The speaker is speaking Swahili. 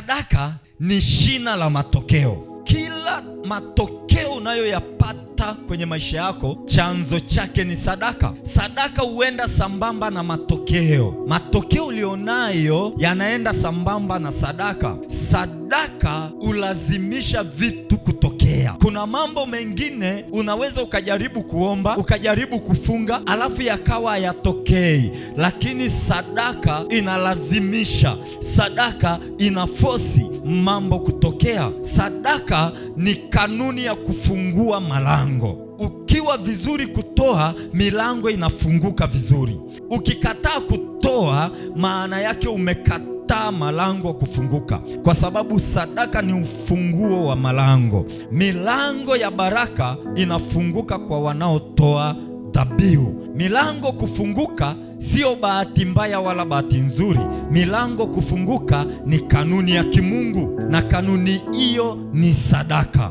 Sadaka ni shina la matokeo. Kila matokeo unayoyapata kwenye maisha yako, chanzo chake ni sadaka. Sadaka huenda sambamba na matokeo, matokeo ulionayo yanaenda sambamba na sadaka. Sadaka ulazimisha vitu kuto kuendelea. Kuna mambo mengine unaweza ukajaribu kuomba ukajaribu kufunga, alafu yakawa yatokei, lakini sadaka inalazimisha, sadaka ina fosi mambo kutokea. Sadaka ni kanuni ya kufungua malango. Ukiwa vizuri kutoa, milango inafunguka vizuri. Ukikataa kutoa, maana yake umekataa hata malango kufunguka, kwa sababu sadaka ni ufunguo wa malango. Milango ya baraka inafunguka kwa wanaotoa dhabihu. Milango kufunguka sio bahati mbaya wala bahati nzuri. Milango kufunguka ni kanuni ya kimungu, na kanuni hiyo ni sadaka.